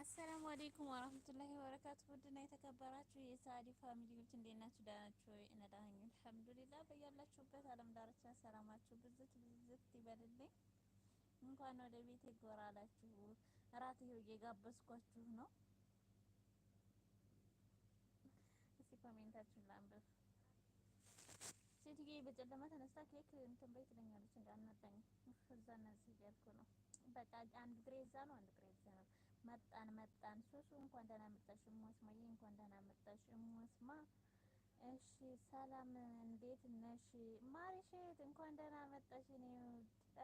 አሰላሙ አሌይኩም ወረህመቱላሂ ወበረካቱ። ውድና የተከበራችሁ የሳዲ ፋሚሊዎች እንዴት ናችሁ? ደህና ናችሁ? እኔ ደህና ነኝ አልሐምዱሊላህ። በያላችሁበት ዓለም ዳርቻ ሰላማችሁ ብዝት ብዝት ይበልልኝ። እንኳን ወደ ቤቴ ጎራ እራት ይኸው እየጋበዝኳችሁ ነው። እስኪ ኮሜንታችሁን ላንብብ። ሴትዬ በጨለማ ተነስታ ኬክ እንትን በይ ትለኛለች። እንዳናጣኝ እዛ እነዚህ እያልኩ ነው። በቃ አንድ ግሬዛ ነው አንድ ግሬ መጣን መጣን ሱሱ እንኳን ደህና መጣሽ እሞስማ ይሄ እንኳን ደህና መጣሽ እሞስማ እሺ ሰላም እንዴት ነሽ ማሪሼት እንኳን ደህና መጣሽ እኔ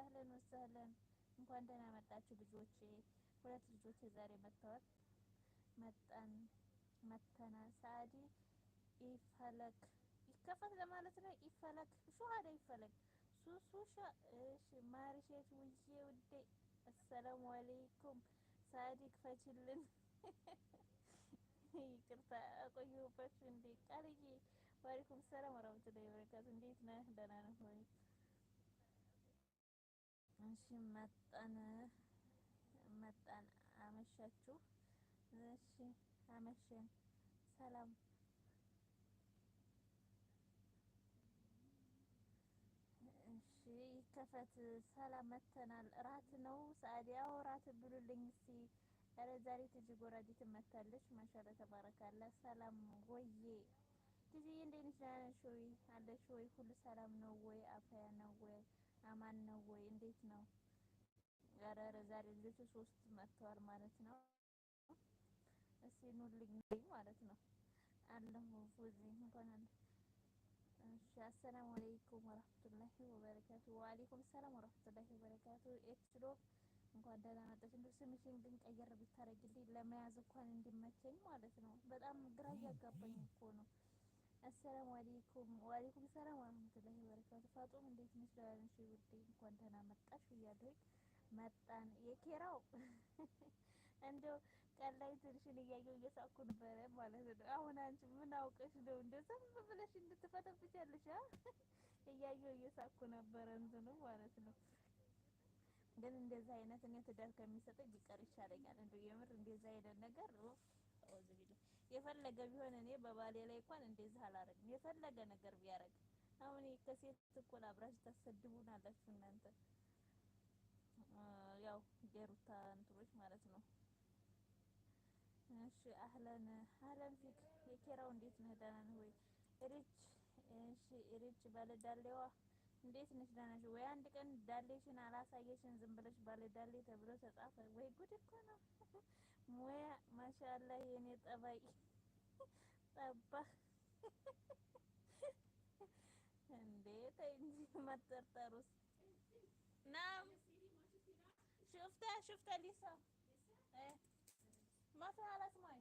እህልን ወሰህልን እንኳን ደህና መጣችሁ ልጆቼ ሁለት ልጆቼ ዛሬ መጥተዋል መጣን መተና ሳዲ ኢፈለክ ይከፈት ለማለት ነው ኢፈለክ ሹሃደ ይፈለክ ሱሱ ሻ እሺ ማሪሼት ውዬ ውዴ አሰላሙ አለይኩም ሳዲቅ ፈችልን። ይቅርታ አቆየሁባችሁ። እንዴ ቃልዬ፣ ዋሌኩም ሰላም ወራህመቱላሂ ወበረካቱ። እንዴት ነህ? ደህና ነህ ወይ? እሺ፣ መጣን መጣን። አመሻችሁ። እሺ፣ አመሸን። ሰላም ክተፈት ሰላም መተናል። እራት ነው ሳዲያ እራት ብሉልኝ እስቲ። ኧረ ዛሬ ትጅ ጎራዲት መታለች። ማሻአላ ተባረካላ። ሰላም ወዬ ጊዜ እንዴት ነሽ? ደህና ነሽ ወይ? አለሽ ወይ? ሁሉ ሰላም ነው ወይ? አፋያ ነው ወይ? አማን ነው ወይ? እንዴት ነው? ኧረ ኧረ ዛሬ ልጅ ሶስት መጥተዋል ማለት ነው። እስቲ ኑልኝ ማለት ነው አለሁ ጊዜ እንኳን አሰላሙ አለይኩም ወረህመቱላሂ ወበረካቱ። ወአለይኩም ሰላም ወረህመቱላሂ ወበረካቱ። ኤክስዶ እንኳን ደህና መጣሽ። እንደው ስምሽን ግን ቀየር ብታደርጊልኝ ለመያዝ እንኳን እንዲመቸኝ ማለት ነው። በጣም ግራ እያጋባኝ እኮ ነው። አሰላሙ አለይኩም ወአለይኩም ሰላም ወረህመቱላሂ ወበረካቱ። ፋጡም እንዴት ነሽ? ደህና ነሽ ውዴ? እንኳን ደህና መጣሽ እያለሁኝ መጣን የኬራው እንደው ቀን ላይ ትንሽን እያየሁ እየሳኩ ነበረ ማለት ነው። አሁን አንቺ ምን አውቀሽ ነው እንደዚያ ዝም ብለሽ እንድትፈተፍቻለሽ? እያየሁ እየሳኩ ነበረ እንትኑ ማለት ነው። ግን እንደዚህ አይነት እኔ ትዳር ከሚሰጠኝ ቢቀር ይሻለኛል። እንደው የምር እንደዚህ አይነት ነገር የፈለገ ቢሆን እኔ በባሌ ላይ እንኳን እንደዚህ አላረግም። የፈለገ ነገር ቢያረግ አሁን ከሴት እኩል አብራችሁ ታሰድቡን እናንተ ያው ጌሩታ እንትን እሺ አህለን አህለን ፊክ የኬራው እንዴት ነህ? ደህና ነህ ወይ? እሪች እሺ እሪች እንዴት ነሽ? ደህና ነሽ ወይ? አንድ ቀን ዳሌሽን አላሳየሽን ዝም ብለሽ ተብሎ ተጻፈ ወይ ጉድ እኮ ነው። ሙያ ማሻአላህ የኔ ጠባይ ጠባ እንዴት እንጂ መጠርጠሩስ ሹፍታ ሹፍታ ሊሳ masuk halah semua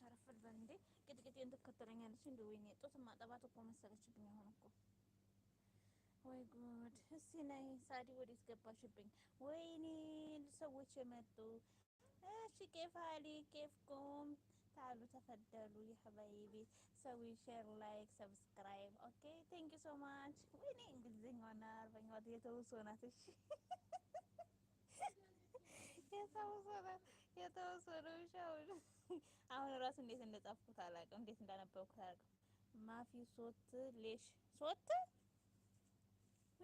ሸረፍድ በንዴ ቂጥቂጥ እንትን ከተለኛለች እንደ ወይኔ ጡት ማጠባት እኮ መሰለችብኝ። አሁን እኮ ወይ ጉድ! እስኪ ነይ ሳዲ፣ ወዴት ገባሽብኝ? ወይኔ ሰዎች የመጡ እሺ፣ ኬፍ አሊ ኬፍ ኩም ታሉ ተፈደሉ። የህባይቢ ሰዊ ሼር፣ ላይክ፣ ሰብስክራይብ። ኦኬ ቴንክ ዩ ሶ ማች። ወይኔ እንግሊዝኛዋና አረበኛዋ የተውሶ ናት። እሺ የተውሶ ናት። የተወሰኑ አሁን ራሱ እንዴት እንደጻፍኩት አላውቅም፣ እንዴት እንዳነበብኩት አላውቅም። ማፊ ሶት ሌሽ ሶት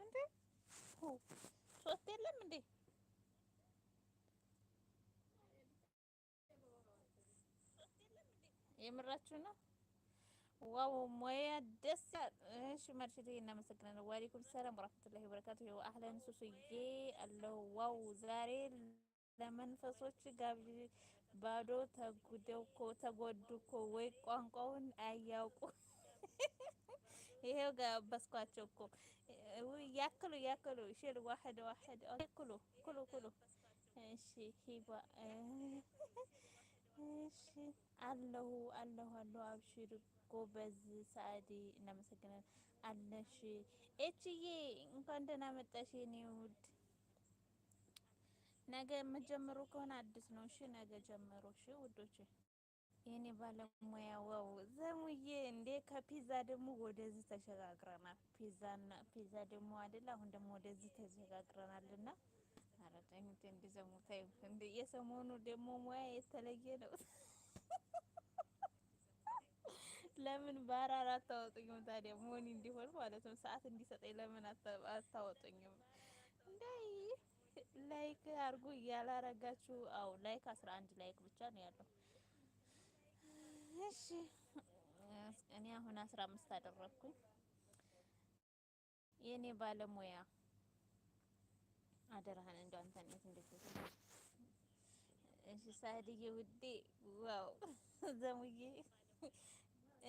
እንዴ ሶት የለም እንዴ የምራችሁ ነው። ዋው ሞያ ደስ እሺ፣ መርሽት እናመሰግናለን። ወአለይኩም ሰላም ወራህመቱላሂ ወበረካቱ። አህለን ሱሱዬ አለው ዋው ዛሬ ለመንፈሶች ጋብ ባዶ ተጉደውኮ ተጎዱኮ ወይ ቋንቋውን አያውቁ። ይሄው ጋበዝኳቸው እኮ ያክሉ ያክሉ ሽል ዋሕድ ዋሕድ ኩሉ ኩሉ ኩሉ። እሺ ሂባ እሺ አለሁ አለሁ አለሁ። አብሽር ጎበዝ ሰአዲ። እናመሰግናለን። አለሽ እችዬ እንኳን ደህና መጣሽ የኔ ውድ ነገ የምትጀምሩ ከሆነ አዲስ ነው። እሺ ነገ ጀምሩ። እሺ ውዶች፣ የኔ ባለሙያ ዋው ዘሙዬ፣ እንዴ ከፒዛ ደግሞ ወደዚህ ተሸጋግረናል። ፒዛና ፒዛ ደግሞ አይደል? አሁን ደግሞ ወደዚህ ተሸጋግረናል እና አረጠኝት እንዲ ዘሙ ታዩ። እንዲ የሰሞኑ ደግሞ ሙያ የተለየ ነው። ለምን በአራራ አታወጡኝም ታዲያ? መሆን እንዲሆን ማለት ነው። ሰዓት እንዲሰጠኝ ለምን አታወጡኝም? ላይክ አርጉ እያላረጋችሁ። አዎ ላይክ አስራ አንድ ላይክ ብቻ ነው ያለው። እሺ እኔ አሁን አስራ አምስት አደረግኩኝ። የእኔ ባለሙያ አደራህን እንደው አንተን እንዴት እሺ ሳህድዬ ውዴ ዋው ዘሙዬ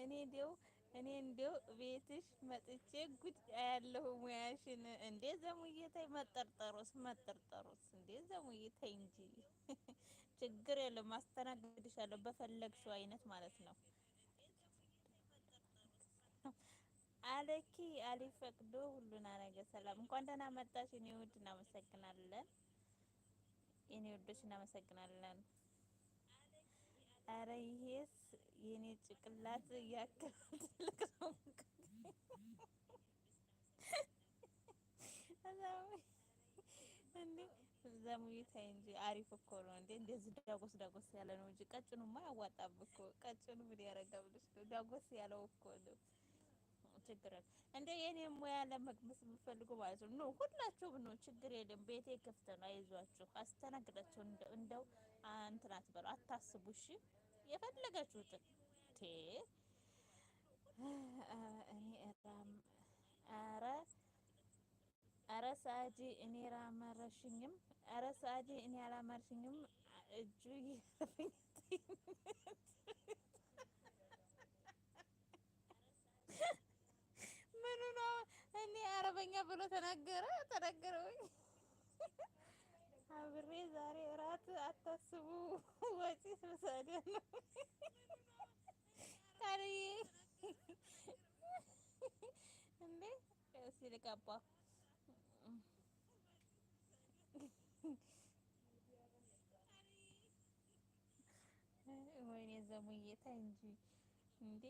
እኔ እንደው እኔ እንደው ቤትሽ መጥቼ ጉድ ያለሁ ሙያሽን። እንዴ ዘሙዬ መጠርጠሮስ መጠርጠሮስ እንዴ ዘሙዬ እንጂ ችግር የለውም አስተናግድሻለሁ፣ በፈለግሽው አይነት ማለት ነው። አለኪ አሊፈቅዶ ሁሉን ነገር ሰላም። እንኳን ደህና መጣሽ የኔ ውድ፣ እናመሰግናለን የኔ ውዶች፣ እናመሰግናለን። አረ ይሄስ የኔ ጭቅላት ያክል ትልቅ ነው። እንዴ እንጂ አሪፍ እኮ ነው እንዴ! እንደዚህ ዳጎስ ዳጎስ ያለ ነው እንጂ ቀጭኑማ ያዋጣብ እኮ ቀጭኑ ምን ያረጋብልሽ? ዳጎስ ያለው እኮ ነው። ችግር እንደ የኔ ሙያ ለመግመስ የምፈልጉ ማለት ነው። ኖ ሁላችሁም ነው ችግር የለም። ቤቴ ክፍት ነው። አይዟችሁ፣ አስተናግዳችሁ እንደው እንትናት በለው አታስቡ እሺ። የፈለጋችሁትን ቴ እኔ ራም አረ አረ ሳጂ እኔ ራመረሽኝም አረ ሳጂ እኔ አላመረሽኝም እጁ ምኑ ነው እኔ አረበኛ ብሎ ተናገረ ተናገረውኝ አብሬ ዛሬ እራት አታስቡ፣ ወጪ ስብሰደ ነው ታሪዬ እንዴ ሲልቀባ ወይኔ ዘሙዬ ታይ እንጂ እንዴ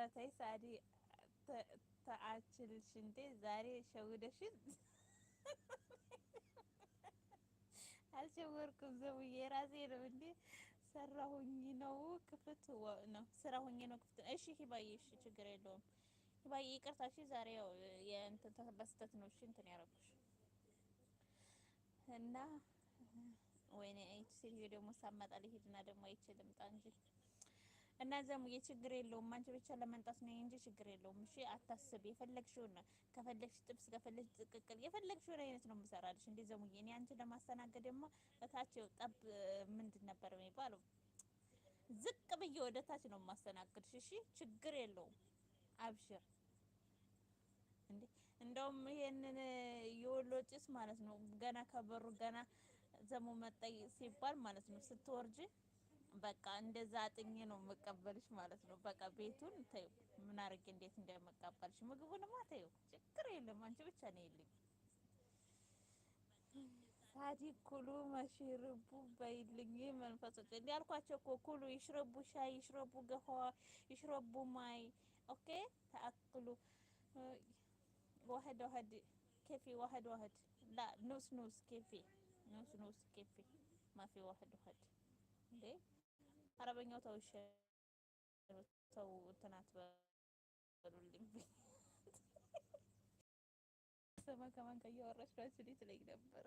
ኧረ ተይ ሳዲ ተአችልሽ እንዴ ዛሬ ሸውደሽን? አልሸወርኩም ዘውዬ ራሴ ነው እንዴ ሰራሁኝ ነው ክፍት ነው ነው ክፍት። እሺ ሂባዬ፣ እሺ ችግር የለውም ሂባዬ፣ ይቅርታ። እሺ ዛሬ ያው የእንትን በስተት ነው እሺ እንትን እና ወይኔ አይት ሲል ደግሞ ሳመጣ ሊሄድና ደግሞ አይችልም ጣ እንጂ እና ዘሙዬ ችግር የለውም። አንቺ ብቻ ለመንጣት ነው እንጂ ችግር የለውም። እሺ አታስብ። የፈለግሽውን ከፈለግሽ ጥብስ፣ ከፈለግሽ ጥቅቅል፣ የፈለግሽውን አይነት ነው የምሰራልሽ። እንዴ ዘሙ እኔ አንቺ ለማስተናገድ ደግሞ እታች ጠብ ምንድን ነበር የሚባለው? ዝቅ ብዬ ወደ ታች ነው የማስተናግድሽ። እሺ ችግር የለውም። አብሽር እንዴ እንደውም ይሄንን የወሎ ጭስ ማለት ነው ገና ከበሩ ገና ዘሙ መጣይ ሲባል ማለት ነው ስትወርጅ በቃ እንደዛ አጥኜ ነው መቀበልሽ ማለት ነው። በቃ ቤቱን ተይው፣ ምን አድርጌ እንዴት እንደመቀበልሽ ምግቡንማ ተይው፣ ችግር የለም አንቺ ብቻ ነው የለኝ። ታዲ ኩሉ መሽርቡ በይልኝ መንፈሶ እንዲህ ያልኳቸው እኮ ኩሉ ይሽረቡ ሻይ ይሽረቡ ገሆ ይሽረቡ ማይ ኦኬ ተአክሉ ዋህድ ዋህድ ኬፊ ዋህድ ዋህድ ላ ኑስ ኑስ ኬፊ ኑስ ኑስ ኬፊ ማፊ ዋህድ ዋህድ እንዴ አረበኛው ተውሽ ተው እንትን አትበሉልኝ ሰማ ከማን ጋር እያወራች ነው እንዴ ትለኝ ነበረ።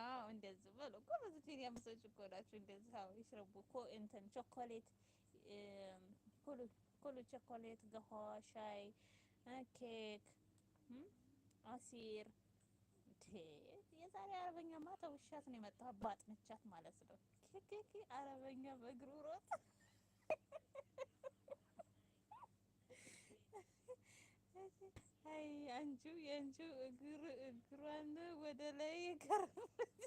አዎ እንደዚህ በሉ እኮ ብዙ ሰዎች እኮ ናችሁ። እንደዚህ አዎ ይሽረቡ እኮ እንትን ቾኮሌት ኩሉ ቾኮሌት፣ ገሆ፣ ሻይ፣ ኬክ፣ አሲር ቴ የዛሬ አረበኛማ ተውሻት ነው የመጣው ባጥንቻት ማለት ነው። ኬኬኬ አረበኛ በእግሩ ሮጥ አይ አንቺ የአንቺ እግር እግሯን ወደ ላይ ገረፈች።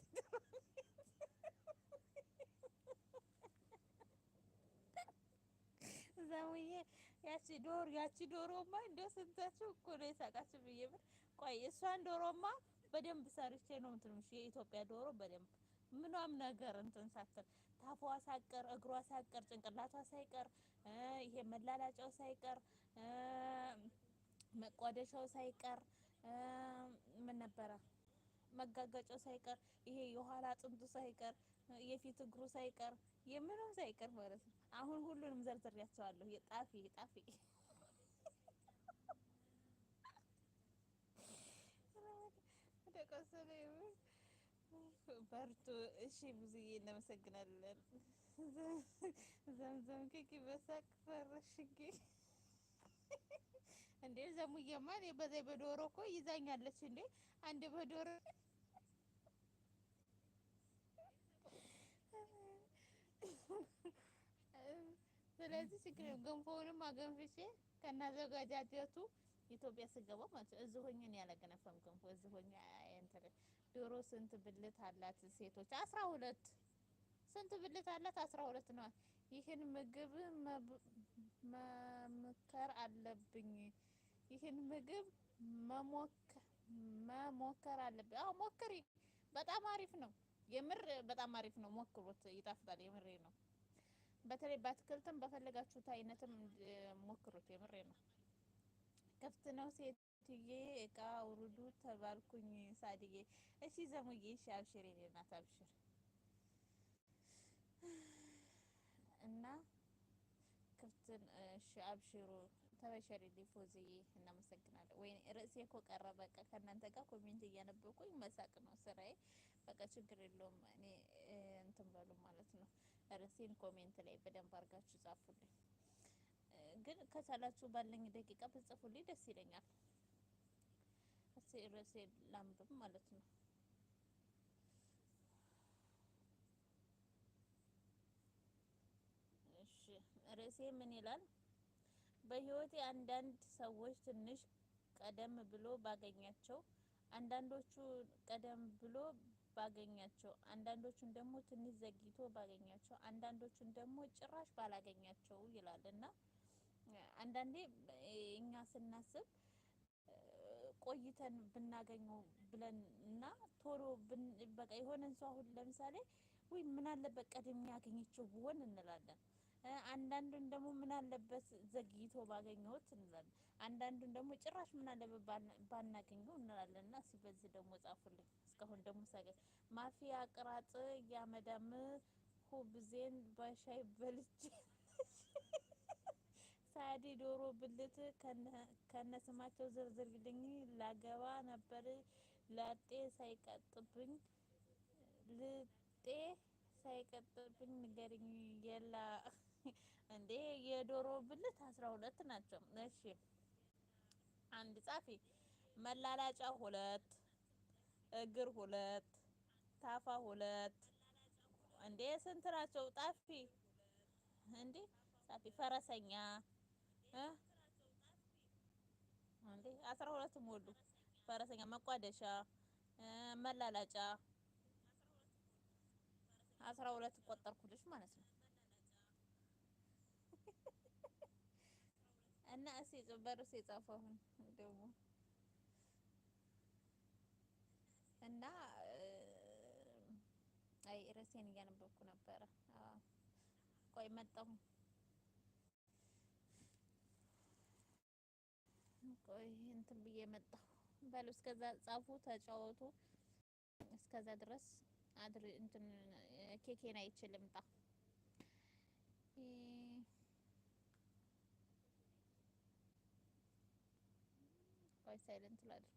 ዘሙዬ ያቺ ዶሮ ያቺ ዶሮማ እንደው ስንታችሁ እኮ ነው የሳቃችሁ ብዬ ብል ቆይ እሷን ዶሮማ በደንብ ሰርቼ ነው እንትንሽ የኢትዮጵያ ዶሮ በደንብ ምኗም ነገር እንትን ሳትል ታፏ ሳቀር እግሯ ሳቀር ጭንቅላቷ ሳይቀር ይሄ መላላጫው ሳይቀር መቋደሻው ሳይቀር ምን ነበረ መጋገጫው ሳይቀር ይሄ የኋላ አጥንቱ ሳይቀር የፊት እግሩ ሳይቀር የምንም ሳይቀር ማለት ነው። አሁን ሁሉንም ዘርዝሬያቸዋለሁ። የጣፊ ጣፊ በርቱ። እሺ ብዙዬ እናመሰግናለን። ዘምዘም ክኪ በሳቅ ፈረሽጌ እንዴ ዘሙዬማ እኔ በዛ በዶሮ እኮ ይዛኛለች እንዴ አንድ በዶሮ ስለዚህ ችግር ገንፎውንም አገንፍቼ ከናዘጋጃጀቱ ኢትዮጵያ ስገባ ማለት ነው። እዚህ ሆኜ ነው ያላገነፈም ገንፎ እዚህ ሆኜ እንትን ዶሮ ስንት ብልት አላት? ሴቶች አስራ ሁለት ስንት ብልት አላት? አስራ ሁለት ነው። ይህን ምግብ መምከር አለብኝ። ይህን ምግብ መሞከር አለብኝ። አዎ ሞክሪ፣ በጣም አሪፍ ነው። የምር በጣም አሪፍ ነው። ሞክሩት፣ ይጣፍጣል። የምሬ ነው። በተለይ በአትክልትም በፈለጋችሁት አይነትም ሞክሩት። የምሬ ነው። ክፍት ነው ሴት ትዬ እቃ አውርዱ ተባልኩኝ። ሳድዬ እሺ ዘሙዬ እሺ አብሽር የኔ እናት አብሽር እና ክፍትን እሺ አብሽሩ ተበሸሪልኝ ፎዝዬ እናመሰግናለን። ወይ ርዕሴ እኮ ቀረ በቃ ከእናንተ ጋር ኮሜንት እያነበብኩኝ መሳቅ ነው ስራዬ። በቃ ችግር የለውም እኔ እንትን በሉ ማለት ነው። ርዕሴን ኮሜንት ላይ በደንብ አድርጋችሁ ጻፉልኝ። ግን ከቻላችሁ ባለኝ ደቂቃ ብጽፉልኝ ደስ ይለኛል። ርዕሴ ላምብብ ማለት ነው። እሺ ምን ይላል? በህይወቴ አንዳንድ ሰዎች ትንሽ ቀደም ብሎ ባገኛቸው፣ አንዳንዶቹ ቀደም ብሎ ባገኛቸው፣ አንዳንዶቹን ደግሞ ትንሽ ዘግይቶ ባገኛቸው፣ አንዳንዶቹን ደግሞ ጭራሽ ባላገኛቸው ይላል እና አንዳንዴ እኛ ስናስብ ቆይተን ብናገኘው ብለን እና ቶሎ በቃ የሆነን ሰው አሁን ለምሳሌ ወይ ምን አለበት ቀድሜ ያገኘችው ብሆን እንላለን። አንዳንዱን ደግሞ ምን አለበት ዘግይቶ ባገኘሁት እንላለን። አንዳንዱን ደግሞ ጭራሽ ምን አለበት ባናገኘው እንላለን። እና እስኪ በዚህ ደግሞ ጻፉልኝ። እስካሁን ደግሞ ሳገኝ ማፊያ ቅራጥ ያመዳም ሁብዜን በሻይ በልቼ ሳያዴ ዶሮ ብልት ከነስማቸው ዝርዝርልኝ ላገባ ነበር። ላጤ ሳይቀጥብኝ ልጤ ሳይቀጥብኝ ንገርኝ። የላ እንዴ የዶሮ ብልት አስራ ሁለት ናቸው። እሺ አንድ ጻፊ መላላጫ ሁለት እግር ሁለት ታፋ ሁለት እንዴ ስንት ናቸው? ጣፊ እንዴ ጣፊ ፈረሰኛ እንዴ አስራ ሁለት ሞሉ ፈረሰኛ መቋደሻ መላላጫ አስራ ሁለት ቆጠርኩልሽ ማለት ነው። እና እሺ በርስ የጻፈውን ደግሞ እና አይ ርዕሴን እያነበብኩ ነበረ። ቆይ መጣሁ። ቆይ እንትን ብዬ መጣሁ በሉ። እስከዛ ጻፉ፣ ተጫወቱ። እስከዛ ድረስ አድር እንትን ኬኬን አይችልም ጣ ቆይ ሳይለንት ላድርግ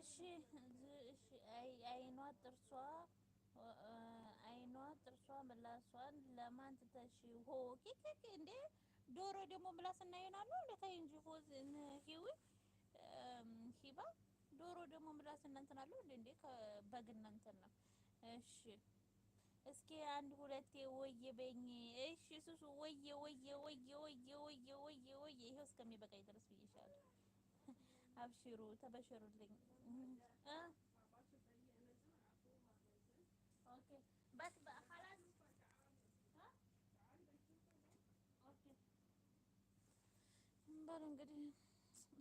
እሺ አይኗ ጥርሷ አይኗ ጥርሷ ምላሷን ለማን ትተሽ ሆ ኪክ እንዴ ዶሮ ደግሞ ምላስና አይኗ ነው እንዴ? ተይ እንጂ ሆዝ ሂዊ ሂባ ዶሮ ደግሞ ምላስና እንትን አለው እንዴ? በግና እንትን ነው። እሺ እስኪ አንድ ሁለቴ ወየ በኝ። እሺ ሱሱ ወየ ወየ ወየ ወየ ወየ ወየ ወየ ይሄው እስከሚበቃኝ ድረስ ብዬሻለሁ። አብሽሩ ተበሽሩልኝ። በሉ እንግዲህ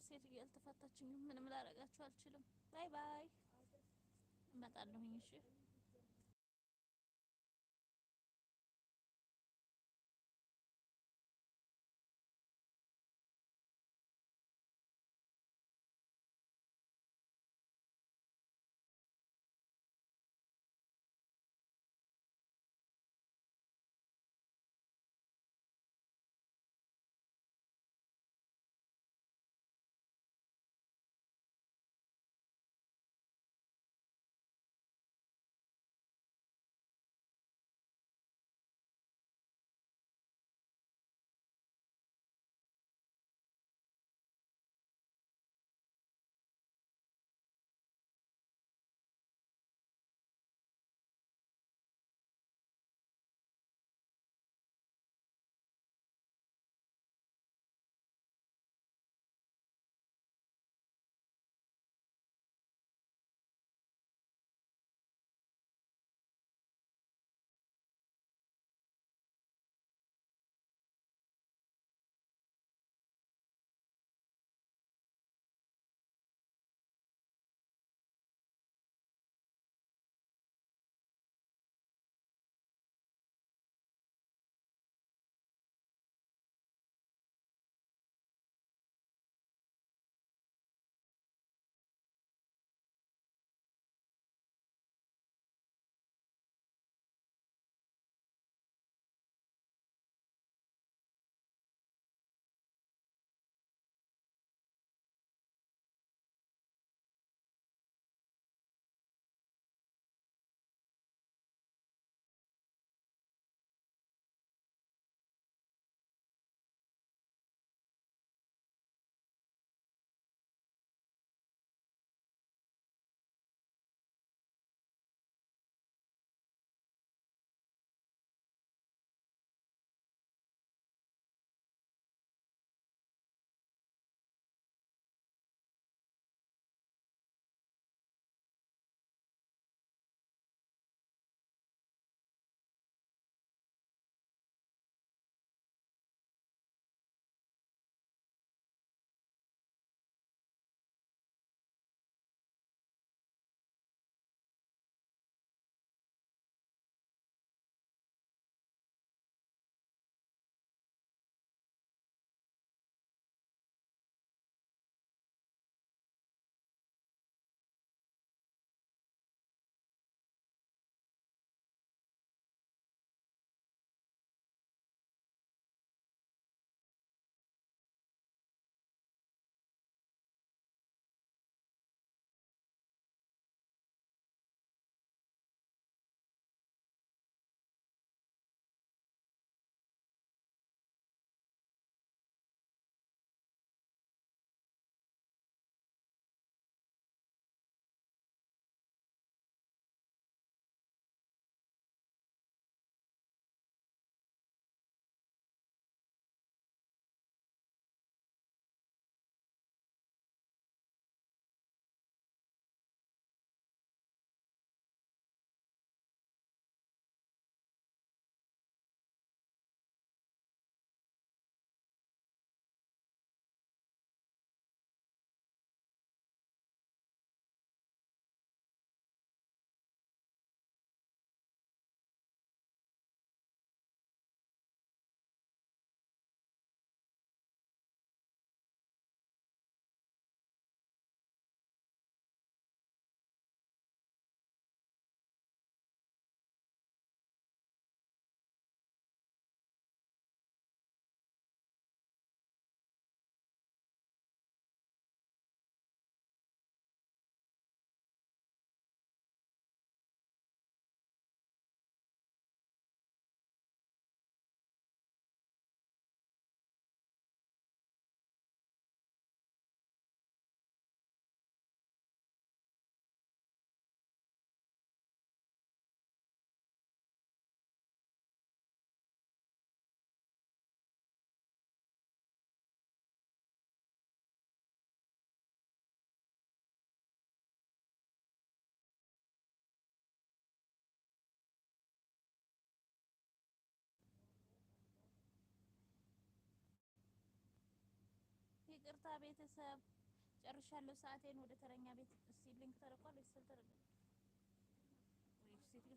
ሴት እያልተፋታችኝም ምንም ላረጋችሁ አልችልም። ባይ ባይ፣ እመጣለሁኝ። እሺ ይቅርታ ቤተሰብ ጨርሻለሁ። ሰዓቴን ወደ ተረኛ ቤት ሲሊንክ ተረቋል። ቤተሰብ ተረ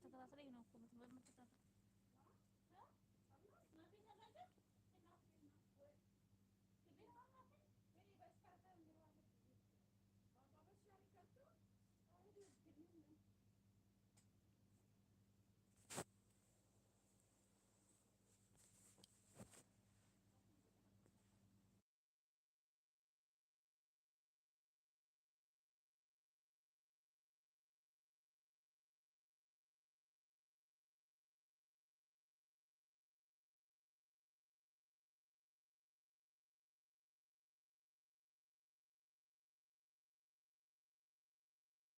ተከታትለኝ ነው እኮ በምትከታተል